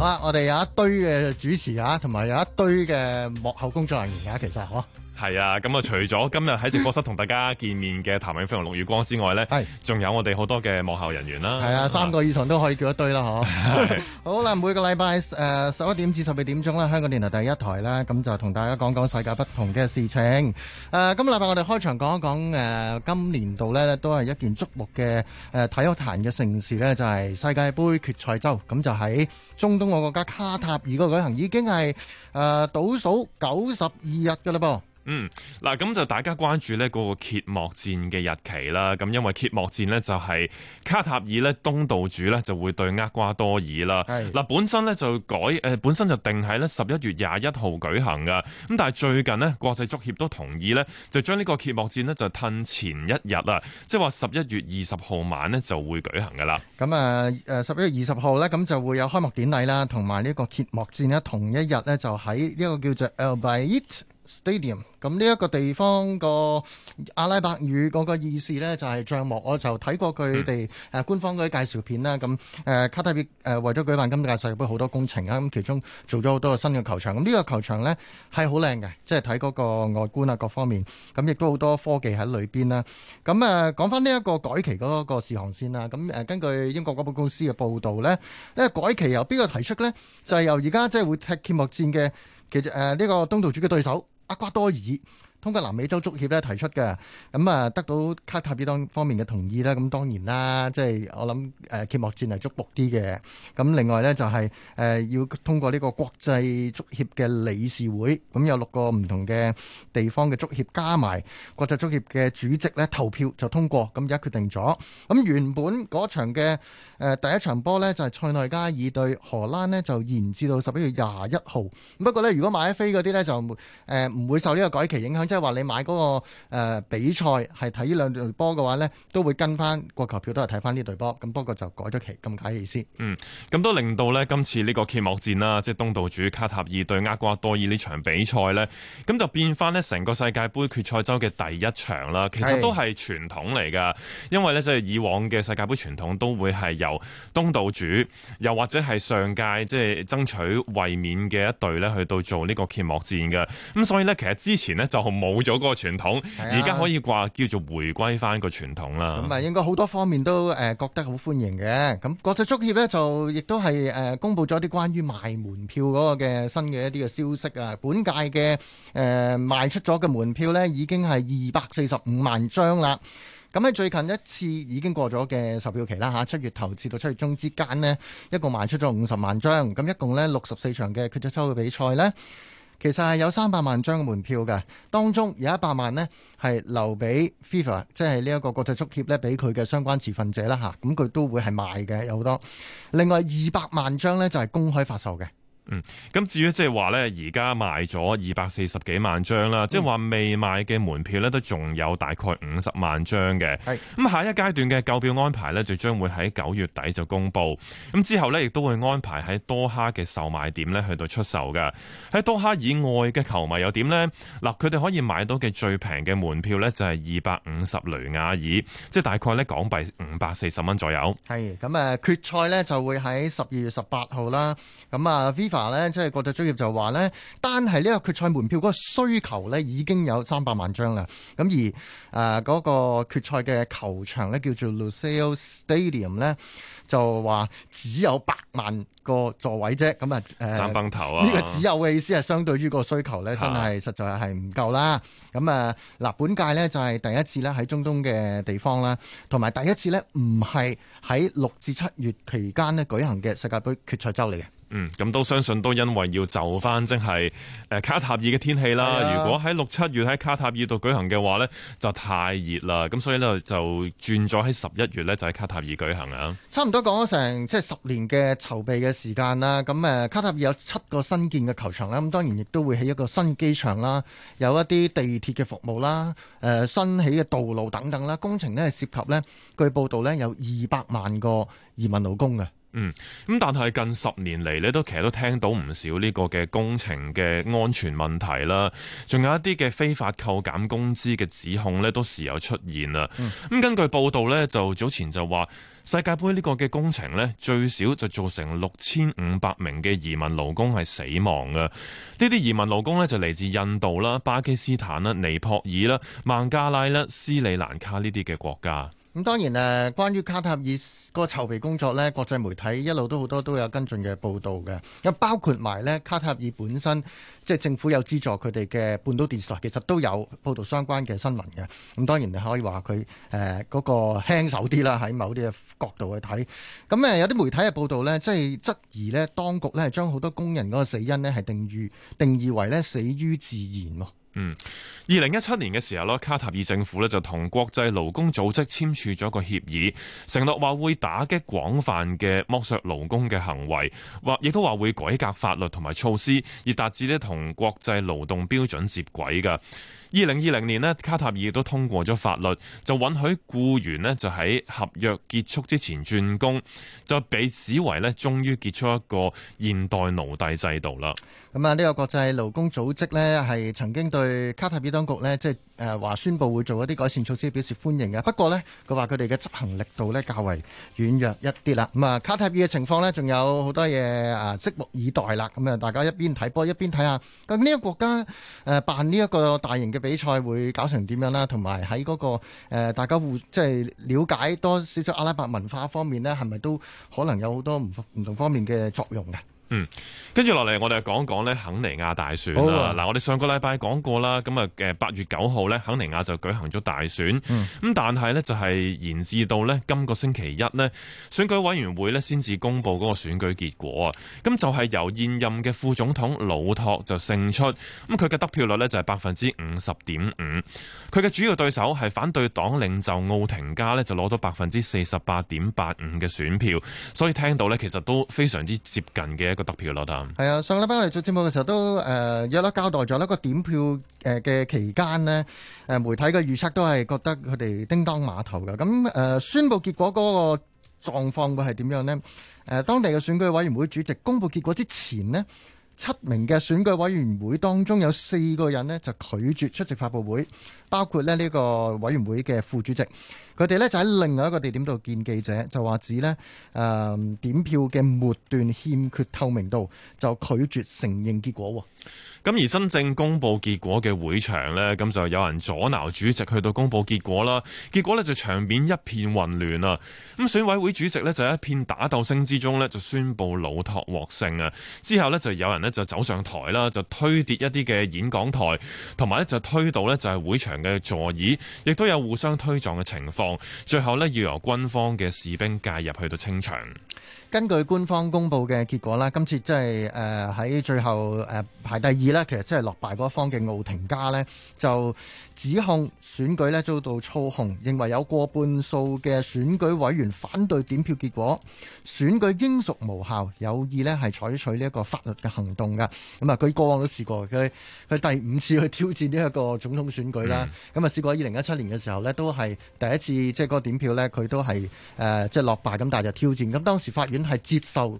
好啦、啊，我哋有一堆嘅主持啊，同埋有，有一堆嘅幕後工作人員啊，其實嗬。好啊係啊，咁啊，除咗今日喺直播室同大家見面嘅譚詠麟同陸羽光之外咧，係仲有我哋好多嘅幕後人員啦。係啊，三個以上都可以叫一堆啦，嗬。好啦，每個禮拜誒十一點至十二點鐘啦，香港電台第一台啦，咁就同大家講講世界不同嘅事情。誒，今個禮拜我哋開場講一講誒，今年度咧都係一件矚目嘅誒體育壇嘅盛事咧，就係世界盃決賽周，咁就喺中東個國家卡塔爾舉行，已經係誒倒數九十二日噶啦噃。嗯，嗱，咁就大家關注呢個揭幕戰嘅日期啦。咁因為揭幕戰呢，就係卡塔爾呢東道主呢就會對厄瓜多爾啦。嗱是，本身呢就改，誒、呃、本身就定喺呢十一月廿一號舉行噶。咁但係最近呢，國際足協都同意呢，就將呢個揭幕戰呢就褪前一日啦，即係話十一月二十號晚呢就會舉行噶啦。咁啊，誒十一月二十號呢，咁就會有開幕典禮啦，同埋呢個揭幕戰呢，同一日呢，就喺呢個叫做 e Stadium，咁呢一個地方個阿拉伯語嗰個意思呢，就係帳幕，我就睇過佢哋官方嗰啲介紹片啦。咁誒、嗯啊、卡塔爾誒、啊、為咗舉辦今屆世界杯好多工程啊，咁其中做咗好多新嘅球場。咁、啊、呢、這個球場呢，係好靚嘅，即係睇嗰個外觀啊各方面。咁亦都好多科技喺裏邊啦。咁、啊、誒講翻呢一個改期嗰個事項先啦。咁、啊、誒根據英國嗰本公司嘅報導呢，這個、改期由邊個提出呢？就係、是、由而家即係會踢揭幕戰嘅其實呢、啊這個東道主嘅對手。阿瓜多爾。ア通過南美洲足協咧提出嘅，咁啊得到卡塔爾當方面嘅同意啦，咁當然啦，即係我諗誒揭幕戰係促迫啲嘅。咁另外呢，就係、是、誒、呃、要通過呢個國際足協嘅理事會，咁、嗯、有六個唔同嘅地方嘅足協加埋國際足協嘅主席咧投票就通過，咁而家決定咗。咁、嗯、原本嗰場嘅誒、呃、第一場波呢，就係、是、塞內加爾對荷蘭呢，就延至到十一月廿一號。不過呢，如果買飛嗰啲呢，就誒唔會、呃、會受呢個改期影響。即係話你買嗰個誒比賽係睇呢兩隊波嘅話呢，都會跟翻國球票都係睇翻呢隊波。咁不過就改咗期，咁解意思。嗯，咁都令到呢今次呢個揭幕戰啦，即係東道主卡塔爾對厄瓜多爾呢場比賽呢，咁就變翻呢成個世界杯決賽周嘅第一場啦。其實都係傳統嚟噶，因為呢，即係以往嘅世界杯傳統都會係由東道主，又或者係上屆即係爭取衛冕嘅一隊呢，去到做呢個揭幕戰嘅。咁所以呢，其實之前呢，就很冇咗嗰個傳統，而家可以話叫做回歸翻個傳統啦。咁啊，應該好多方面都誒覺得好歡迎嘅。咁國際足協呢，就亦都係誒公佈咗啲關於賣門票嗰個嘅新嘅一啲嘅消息啊。本屆嘅誒、呃、賣出咗嘅門票呢，已經係二百四十五萬張啦。咁喺最近一次已經過咗嘅售票期啦嚇，七月頭至到七月中之間呢，一共賣出咗五十萬張。咁一共呢，六十四場嘅決賽周嘅比賽呢。其實係有三百萬張嘅門票嘅，當中有一百萬呢係留俾 FIFA，即係呢一個國際足協咧，俾佢嘅相關持份者啦吓，咁佢都會係賣嘅，有好多。另外二百萬張咧，就係公開發售嘅。嗯，咁至於即係話呢，而家賣咗二百四十幾萬張啦，即係話未賣嘅門票呢，都仲有大概五十萬張嘅。係咁、嗯、下一階段嘅購票安排呢，就將會喺九月底就公布。咁之後呢，亦都會安排喺多哈嘅售賣點呢，去到出售㗎。喺多哈以外嘅球迷又點呢？嗱，佢哋可以買到嘅最平嘅門票呢，就係二百五十雷亞爾，即係大概呢港幣五百四十蚊左右。係咁誒，決賽呢，就會喺十二月十八號啦。咁啊，Viva。話咧，即係國際足協就話咧，單係呢個決賽門票嗰個需求咧已經有三百萬張啦。咁而誒嗰個決賽嘅球場咧叫做 Lusail Stadium 咧，就話只有八萬個座位啫。咁啊誒，爭崩頭啊！呢個只有嘅意思係相對於個需求咧，真係實在係唔夠啦。咁啊嗱，本屆呢就係第一次咧喺中東嘅地方啦，同埋第一次呢唔係喺六至七月期間呢舉行嘅世界盃決賽週嚟嘅。嗯，咁都相信都因為要就翻，即係誒卡塔爾嘅天氣啦。啊、如果喺六七月喺卡塔爾度舉行嘅話呢就太熱啦。咁所以呢，就轉咗喺十一月呢，就喺卡塔爾舉行啊。差唔多講咗成即係十年嘅籌備嘅時間啦。咁誒卡塔爾有七個新建嘅球場啦。咁當然亦都會起一個新機場啦，有一啲地鐵嘅服務啦，誒、呃、新起嘅道路等等啦。工程咧係涉及呢，據報道呢，有二百萬個移民勞工嘅。嗯，咁但係近十年嚟咧，你都其實都聽到唔少呢個嘅工程嘅安全問題啦，仲有一啲嘅非法扣減工資嘅指控呢，都時有出現啦。咁、嗯、根據報道呢，就早前就話世界杯呢個嘅工程呢，最少就造成六千五百名嘅移民勞工係死亡嘅。呢啲移民勞工呢，就嚟自印度啦、巴基斯坦啦、尼泊爾啦、孟加拉啦、斯里蘭卡呢啲嘅國家。咁當然誒，關於卡塔爾個籌備工作呢，國際媒體一路都好多都有跟進嘅報導嘅，咁包括埋呢，卡塔爾本身，即係政府有資助佢哋嘅半島電視台，其實都有報導相關嘅新聞嘅。咁當然你可以話佢誒嗰個輕手啲啦，喺某啲嘅角度去睇。咁誒有啲媒體嘅報導呢，即係質疑呢，當局呢係將好多工人嗰個死因呢係定義定義為呢死於自然。嗯，二零一七年嘅時候咯，卡塔爾政府呢就同國際勞工組織簽署咗一個協議，承諾話會打擊廣泛嘅剝削勞工嘅行為，或亦都話會改革法律同埋措施，而達至呢同國際勞動標準接軌嘅。二零二零年呢卡塔爾都通過咗法律，就允許雇員呢就喺合約結束之前轉工，就被指為呢終於結束一個現代奴隸制度啦。咁啊，呢、這個國際勞工組織，咧係曾經對卡塔爾當局咧即係誒話宣布會做一啲改善措施表示歡迎嘅。不過咧，佢話佢哋嘅執行力度咧較為軟弱一啲啦。咁啊，卡塔爾嘅情況咧仲有好多嘢啊，拭目以待啦。咁啊，大家一邊睇波一邊睇下。咁呢個國家誒、呃、辦呢一個大型嘅。比賽會搞成點樣啦？同埋喺嗰個，呃，大家互，即係了解多少少阿拉伯文化方面咧，係咪都可能有好多唔唔同方面嘅作用嘅？嗯，跟住落嚟，我哋講講咧肯尼亞大選啦。嗱好，嗯、我哋上個禮拜講過啦，咁啊，嘅八月九號咧，肯尼亞就舉行咗大選，咁、嗯、但係呢，就係延至到呢今個星期一呢選舉委員會呢先至公布嗰個選舉結果啊。咁就係、係、由現任嘅副總統魯托就勝出，咁佢嘅得票率呢，就係百分之五十點五，佢嘅主要對手係反對黨領袖奧廷加呢就攞到百分之四十八點八五嘅選票，所以聽到呢，其實都非常之接近嘅。得票攞啖，係啊！上個禮拜我哋做節目嘅時候都誒約啦，交代咗一個點票誒嘅期間呢，誒媒體嘅預測都係覺得佢哋叮噹馬頭嘅。咁誒、呃、宣佈結果嗰個狀況會係點樣咧？誒、呃、當地嘅選舉委員會主席公布結果之前呢，七名嘅選舉委員會當中有四個人呢，就拒絕出席發佈會，包括咧呢個委員會嘅副主席。佢哋咧就喺另外一個地點度見記者，就話指呢點票嘅末段欠缺透明度，就拒絕承認結果喎。咁而真正公布結果嘅會場呢，咁就有人阻撓主席去到公布結果啦。結果呢就場面一片混亂啦。咁選委會主席呢就喺一片打鬥聲之中呢就宣布魯托獲勝啊。之後呢就有人呢就走上台啦，就推跌一啲嘅演講台，同埋咧就推到呢就係會場嘅座椅，亦都有互相推撞嘅情況。最後呢要由軍方嘅士兵介入去到清場。根據官方公布嘅結果啦，今次即係誒，喺、呃、最後誒排第二啦，其實即係落敗嗰方嘅奧廷加咧，就指控選舉咧遭到操控，認為有過半數嘅選舉委員反對點票結果，選舉應屬無效，有意咧係採取呢一個法律嘅行動嘅。咁、嗯、啊，佢過往都試過佢佢第五次去挑戰呢一個總統選舉啦。咁啊、嗯，試過二零一七年嘅時候咧，都係第一次即係、就是、個點票咧，佢都係誒即係落敗咁，但係就挑戰咁當時法院係接受。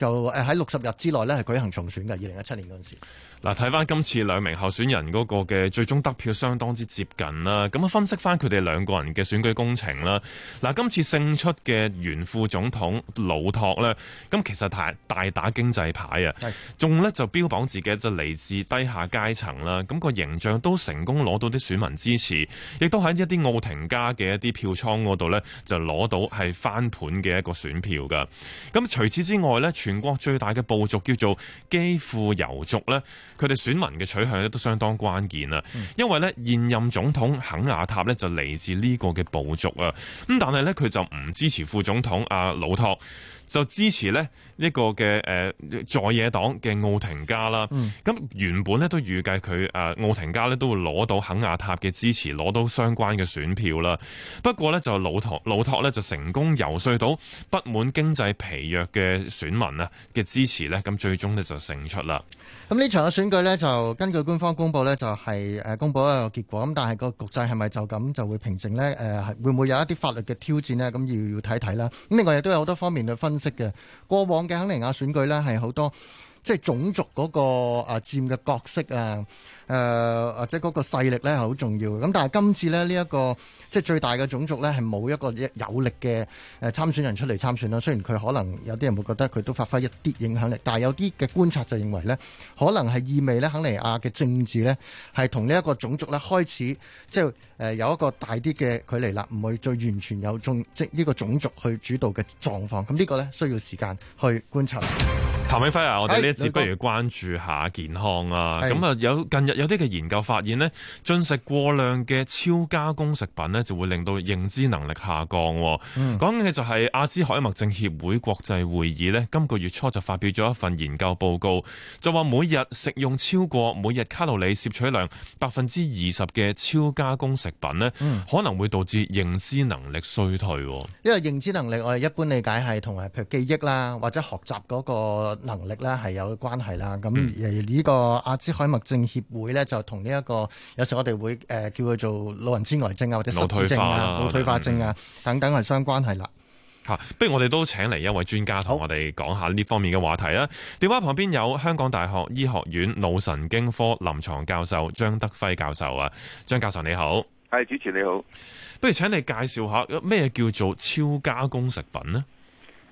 就誒喺六十日之內咧，係舉行重選嘅。二零一七年嗰陣時，嗱睇翻今次兩名候選人嗰個嘅最終得票相當之接近啦。咁啊分析翻佢哋兩個人嘅選舉工程啦。嗱，今次勝出嘅原副總統魯托咧，咁其實大大打經濟牌啊，仲咧就標榜自己就嚟自低下階層啦。咁個形象都成功攞到啲選民支持，亦都喺一啲奧廷加嘅一啲票倉嗰度咧就攞到係翻盤嘅一個選票噶。咁除此之外咧，全國最大嘅部族叫做基庫尤族咧，佢哋選民嘅取向咧都相當關鍵啊，因為咧現任總統肯雅塔咧就嚟自呢個嘅部族啊，咁但係咧佢就唔支持副總統阿魯托，就支持咧，一個嘅誒在野黨嘅奧廷加啦，咁、嗯、原本咧都預計佢誒奧廷加咧都會攞到肯亞塔嘅支持，攞到相關嘅選票啦。不過呢，就魯托魯托呢，就成功遊說到不滿經濟疲弱嘅選民啊嘅支持呢，咁最終呢就勝出啦。咁呢場嘅選舉呢，就根據官方公佈呢，就係、是、誒公佈一個結果，咁但係個局勢係咪就咁就會平靜呢？誒會唔會有一啲法律嘅挑戰呢？咁要要睇睇啦。咁另外亦都有好多方面去分析嘅過往。嘅肯尼亞選舉咧係好多。即係種族嗰個啊佔嘅角色啊，誒或者嗰個勢力咧係好重要嘅。咁但係今次咧呢一個即係最大嘅種族咧係冇一個有力嘅誒參選人出嚟參選啦。雖然佢可能有啲人會覺得佢都發揮一啲影響力，但係有啲嘅觀察就認為咧，可能係意味咧肯尼亞嘅政治咧係同呢一個種族咧開始即係誒有一個大啲嘅距離啦，唔會再完全有種即呢個種族去主導嘅狀況。咁呢個咧需要時間去觀察。譚永輝啊，我哋呢一節不如關注下健康啊。咁啊，有近日有啲嘅研究發現呢，進食過量嘅超加工食品呢，就會令到認知能力下降。講嘅就係阿茲海默症協會國際會議呢，今個月初就發表咗一份研究報告，就話每日食用超過每日卡路里攝取量百分之二十嘅超加工食品呢，嗯、可能會導致認知能力衰退。因為認知能力，我哋一般理解係同埋譬如記憶啦，或者學習嗰，那個。能力咧係有關係啦，咁例如呢個阿茲海默症協會咧、這個，就同呢一個有時我哋會誒叫佢做老人痴呆症啊，或者腦退化、腦退化症啊、嗯、等等係相關係啦。吓、啊，不如我哋都請嚟一位專家同我哋講下呢方面嘅話題啦。好電話旁邊有香港大學醫學院腦神經科臨床教授張德輝教授啊，張教授你好，係主持你好。不如請你介紹下咩叫做超加工食品呢？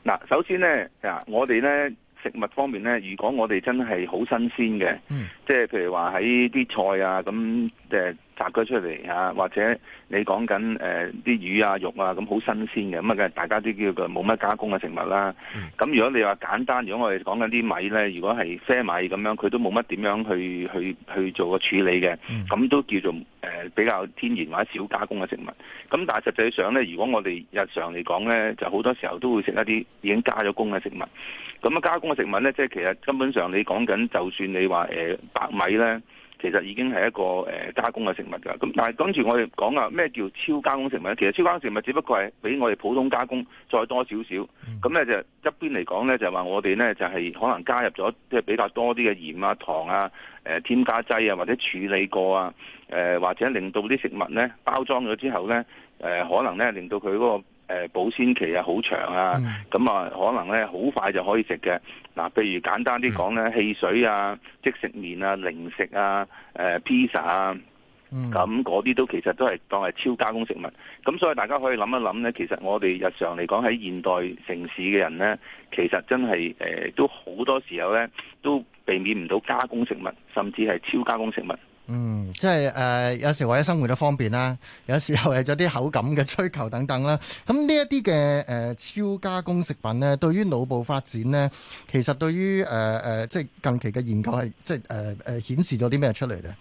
嗱，首先呢，啊，我哋呢。食物方面咧，如果我哋真係好新鮮嘅，即係譬如話喺啲菜啊，咁誒、就是。摘咗出嚟啊，或者你講緊誒啲魚啊、肉啊，咁好新鮮嘅，咁啊梗係大家都叫佢冇乜加工嘅食物啦。咁、嗯、如果你話簡單，如果我哋講緊啲米咧，如果係啡米咁樣，佢都冇乜點樣去去去做個處理嘅，咁、嗯、都叫做誒、呃、比較天然或者少加工嘅食物。咁但係實際上咧，如果我哋日常嚟講咧，就好多時候都會食一啲已經加咗工嘅食物。咁啊，加工嘅食物咧，即係其實根本上你講緊，就算你話誒、呃、白米咧。其實已經係一個誒加工嘅食物㗎，咁但係跟住我哋講啊，咩叫超加工食物咧？其實超加工食物只不過係比我哋普通加工再多少少，咁咧、嗯、就一般嚟講咧就話我哋咧就係、是、可能加入咗即係比較多啲嘅鹽啊、糖啊、呃、添加劑啊，或者處理過啊，誒、呃、或者令到啲食物咧包裝咗之後咧誒、呃、可能咧令到佢嗰個保鮮期啊，好長啊，咁啊可能咧好快就可以食嘅。嗱，譬如簡單啲講咧，嗯、汽水啊、即食麵啊、零食啊、誒、呃、披薩啊，咁嗰啲都其實都係當係超加工食物。咁所以大家可以諗一諗咧，其實我哋日常嚟講喺現代城市嘅人咧，其實真係誒、呃、都好多時候咧都避免唔到加工食物，甚至係超加工食物。嗯，即係誒，有時為咗生活都方便啦，有時候為咗啲口感嘅追求等等啦，咁呢一啲嘅誒超加工食品咧，對於腦部發展咧，其實對於誒誒，即係近期嘅研究係即係誒誒，呃呃、顯示咗啲咩出嚟嘅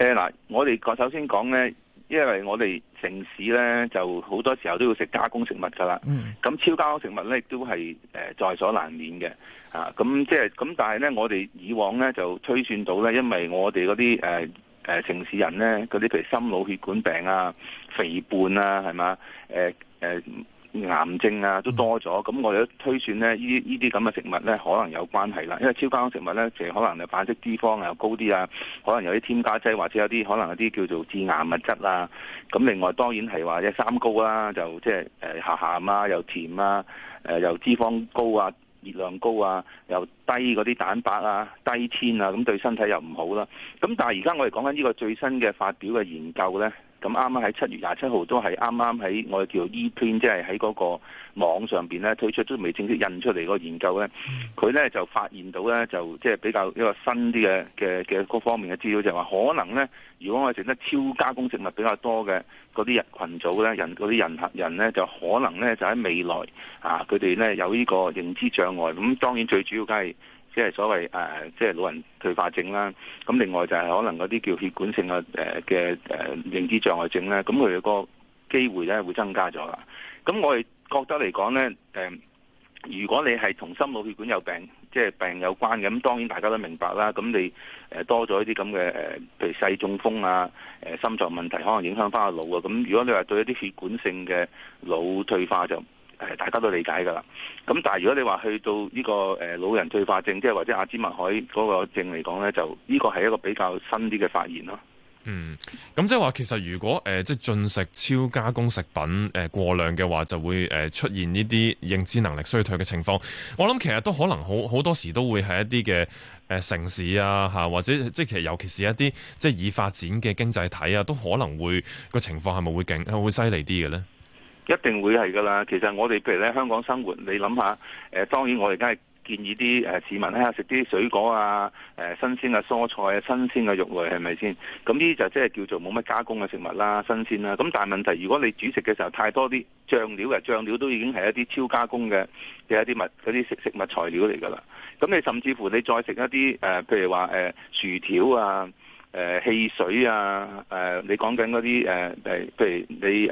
誒嗱，我哋首先講咧。因為我哋城市咧，就好多時候都要食加工食物噶啦。咁超加工食物咧，都係誒在所難免嘅。啊，咁即係咁，但係咧，我哋以往咧就推算到咧，因為我哋嗰啲呃呃城市人咧，嗰啲譬如心腦血管病啊、肥胖啊，係嘛？呃呃癌症啊，都多咗，咁我哋都推算呢依依啲咁嘅食物呢，可能有關係啦。因為超加工食物呢，其實可能係，反式脂肪又高啲啊，可能有啲添加劑或者有啲可能有啲叫做致癌物質啊。咁另外當然係話即三高啦，啊，就即係下鹹啊，又甜啊，誒、呃、又脂肪高啊，熱量高啊，又低嗰啲蛋白啊，低纖啊，咁對身體又唔好啦，啊。咁但係而家我哋講緊呢個最新嘅發表嘅研究呢。咁啱啱喺七月廿七號都係啱啱喺我哋叫 E-print，即係喺嗰個網上面咧推出，都未正式印出嚟個研究咧。佢咧就發現到咧，就即係比較一個新啲嘅嘅嘅嗰方面嘅資料，就係話可能咧，如果我哋食得超加工食物比較多嘅嗰啲人羣組咧，人嗰啲人合人咧，就可能咧就喺未來啊，佢哋咧有呢個認知障礙。咁當然最主要梗係。即係所謂誒，即係老人退化症啦。咁另外就係可能嗰啲叫血管性嘅誒嘅誒認知障礙症咧，咁佢個機會咧會增加咗啦。咁我哋覺得嚟講咧，誒，如果你係同心腦血管有病，即係病有關嘅，咁當然大家都明白啦。咁你誒多咗一啲咁嘅誒，譬如細中風啊，誒心臟問題可能影響翻個腦啊。咁如果你話對一啲血管性嘅腦退化就。誒，大家都理解噶啦。咁但係如果你話去到呢個誒老人退化症，即係或者阿茲海默嗰個症嚟講呢，就呢個係一個比較新啲嘅發現咯。嗯，咁即係話其實如果誒、呃、即係進食超加工食品誒過量嘅話，就會誒出現呢啲認知能力衰退嘅情況。我諗其實都可能好好多時都會係一啲嘅誒城市啊吓，或者即係其實尤其是一啲即係已發展嘅經濟體啊，都可能會個情況係咪會勁會犀利啲嘅呢？一定會係㗎啦。其實我哋譬如咧，香港生活，你諗下誒，當然我哋梗係建議啲市民咧食啲水果啊、新鮮嘅蔬菜啊、新鮮嘅肉類係咪先？咁呢啲就即係叫做冇乜加工嘅食物啦、新鮮啦。咁但係問題，如果你煮食嘅時候太多啲醬料嘅醬料，醬料都已經係一啲超加工嘅嘅一啲物嗰啲食食物材料嚟㗎啦。咁你甚至乎你再食一啲誒，譬如話誒薯條啊、誒汽水啊、你講緊嗰啲誒誒，譬如你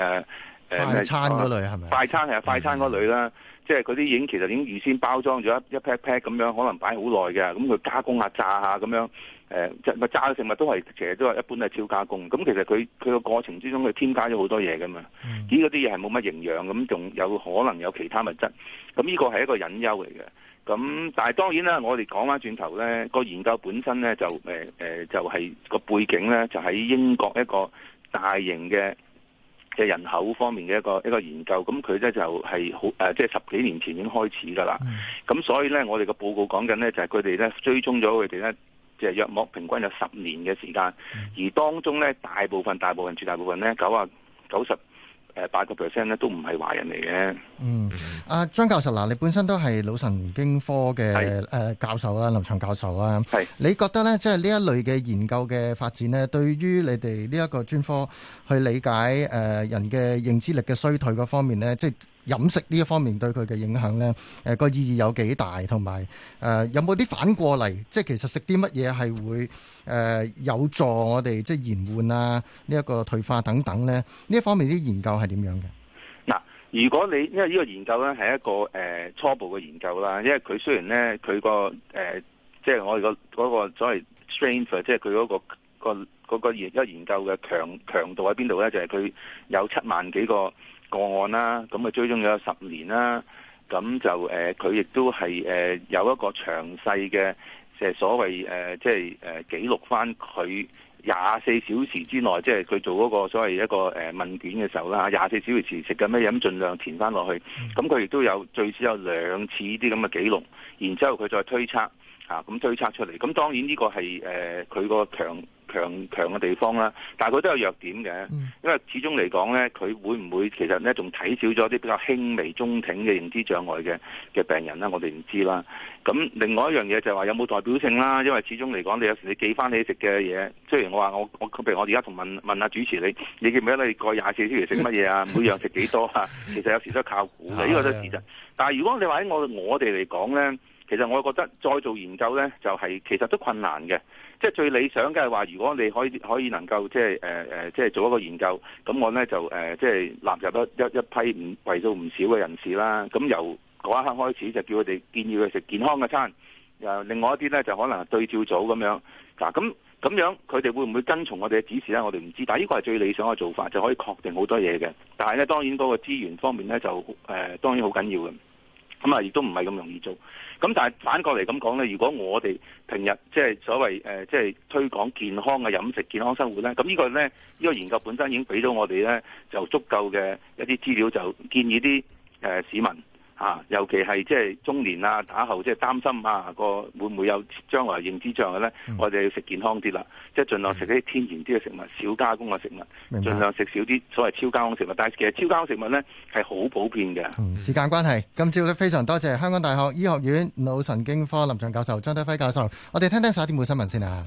快餐嗰類係咪？快餐係啊，快餐嗰類啦，嗯、即係嗰啲已經其實已經預先包裝咗一一 pack pack 咁樣，可能擺好耐嘅，咁佢加工下、炸下咁樣，誒、呃，咪炸嘅食物都係，其實都係一般係超加工。咁其實佢佢個過程之中佢添加咗好多嘢噶嘛，呢嗰啲嘢係冇乜營養，咁仲有可能有其他物質。咁呢個係一個隱憂嚟嘅。咁但係當然啦，我哋講翻轉頭咧，個研究本身咧就誒誒，就係、呃就是、個背景咧就喺英國一個大型嘅。嘅人口方面嘅一個一個研究，咁佢咧就係好誒，即、呃、係、就是、十幾年前已經開始噶啦。咁所以咧，我哋個報告講緊咧，就係佢哋咧追蹤咗佢哋咧，即係約莫平均有十年嘅時間。而當中咧大部分、大部分、絕大部分咧九啊九十。90, 90誒八個 percent 咧，都唔係壞人嚟嘅。嗯，阿張教授嗱，你本身都係腦神經科嘅誒教授啦，的臨床教授啦。係的，你覺得咧，即係呢一類嘅研究嘅發展咧，對於你哋呢一個專科去理解誒人嘅認知力嘅衰退嘅方面咧，即係。飲食呢一方面對佢嘅影響呢，個、呃、意義有幾大，同埋有冇啲、呃、反過嚟？即係其實食啲乜嘢係會、呃、有助我哋即係延緩啊呢一、呢個退化等等呢？呢一方面啲研究係點樣嘅？嗱，如果你因為呢個研究呢，係一個、呃、初步嘅研究啦，因為佢雖然呢，佢、嗰個、呃、即係我哋、嗰個嗰個所謂 strength 即係佢嗰個、嗰個嗰、嗰個研究嘅強強度喺邊度呢？就係、是、佢有七萬幾個。個案啦，咁啊追蹤咗有十年啦，咁就誒，佢亦都係誒有一個詳細嘅、呃，即係所謂誒，即係誒記錄翻佢廿四小時之內，即係佢做嗰個所謂一個誒、呃、問卷嘅時候啦。廿四小時食緊咩飲，盡量填翻落去。咁佢亦都有最少有兩次呢啲咁嘅記錄，然之後佢再推測嚇，咁、啊、推測出嚟。咁當然呢個係誒佢個強。強強嘅地方啦，但係佢都有弱點嘅，因為始終嚟講咧，佢會唔會其實咧仲睇少咗啲比較輕微中挺嘅認知障礙嘅嘅病人咧？我哋唔知啦。咁另外一樣嘢就係話有冇代表性啦，因為始終嚟講，你有時你記翻你食嘅嘢，雖然我話我我譬如我而家同問問下主持你，你記唔記得你過廿四小時食乜嘢啊？每樣食幾多啊？ 其實有時都係靠估嘅，呢 個都係事實。但係如果你話喺我我哋嚟講咧。其實我覺得再做研究呢，就係、是、其實都困難嘅。即係最理想嘅係話，如果你可以可以能夠即係誒誒，即係做一個研究，咁我呢就誒、呃、即係納入一一批唔為數唔少嘅人士啦。咁由嗰一刻開始就叫佢哋建議佢食健康嘅餐。另外一啲呢，就可能對照組咁樣。嗱，咁咁樣佢哋會唔會跟從我哋嘅指示呢？我哋唔知。但係呢個係最理想嘅做法，就可以確定好多嘢嘅。但係呢，當然嗰個資源方面呢，就誒、呃、當然好緊要嘅。咁啊，亦都唔係咁容易做。咁但係反過嚟咁講咧，如果我哋平日即係所謂誒，即係推廣健康嘅飲食、健康生活咧，咁呢個咧，呢個研究本身已經俾咗我哋咧，就足夠嘅一啲資料，就建議啲誒市民。啊，尤其係即係中年啊，打後即係擔心啊，個會唔會有將來的認知障嘅咧？嗯、我哋要食健康啲啦，即係盡量食啲天然啲嘅食物，少加工嘅食物，儘白量食少啲所謂超加工食物。但係其實超加工食物咧係好普遍嘅，嗯。時間關係，今朝咧非常多謝香港大學醫學院腦神經科臨床教授張德輝教授，我哋聽聽十二點半新聞先啊。